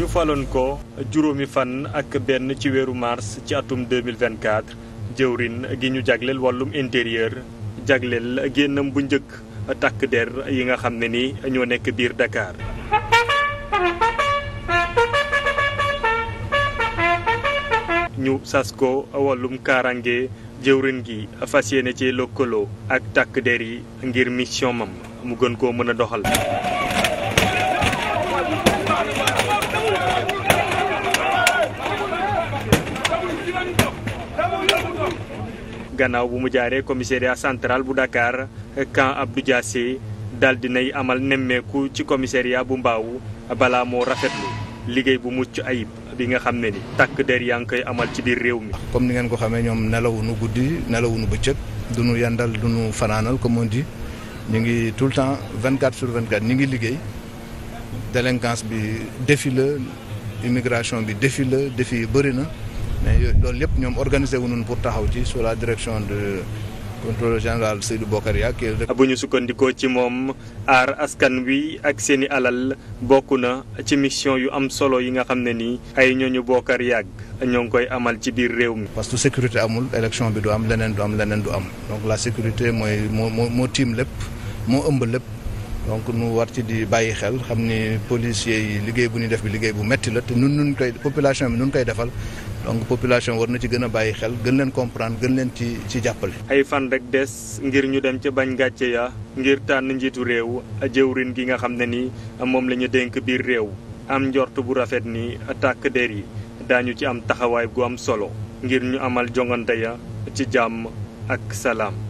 ñu faloon ko juróomi fan ak benn ci weeru mars ci atum 2024 jëwrin gi ñu jagleel wàllum intérieur jagleel génnam bu njëkk takk der yi nga xam ne ni ñoo nekk biir Dakar. ñu sas ko wàllum kaaraange jëwrin gi fas yéene ci lëkkaloo ak takk der yi ngir mission mam mu gën koo mën a doxal. gannaaw bu mu jaaree commissariat central bu Dakar camp Abdou Diassé daal dinay amal nemmeeku ci commissariat bu Mbaaw balaa moo rafetlu liggéey bu mucc ayib bi nga xam ne ni takk der yaa ngi koy amal ci biir réew mi. comme ni ngeen ko xame ñoom nelawuñu guddi nelawuñu bëccëg du ñu yandal du ñu fanaanal comme on dit ñu ngi tout le temps 24 sur 24 ñu ngi liggéey délinquance bi défi la immigration bi défi la défi yu bëri mais loolu lépp ñoom organisé wu ñun pour taxaw ci sous la direction de contrôleur général Seydou Bokaria. Ah, bu ñu sukkandikoo ci moom aar askan wi ak seeni alal bokku na ci mission yu am solo yi nga xam ne nii ay ñooñu Bokar yàgg a ñoo ngi koy amal ci biir réew mi. parce que sécurité amul élection bi du am leneen du am leneen du am donc la sécurité mooy moo moo moo tiim lépp moo ëmb lépp. donc nu war ci di bàyyi xel xam ni policiers yi liggéey bu ñu def bi liggéey bu metti la te nun nun koy population bi nun koy defal donc population war na ci gën a bàyyi xel gën leen comprendre gën leen ci ci jàppale. ay fan rek des ngir ñu dem ca bañ gàcce ya ngir tànn njiitu réew jëwrin gi nga xam ne ni moom la ñu dénk biir réew am njort bu rafet ni tàkk der yi daañu ci am taxawaay gu am solo ngir ñu amal jongante ya ci jàmm ak salaam.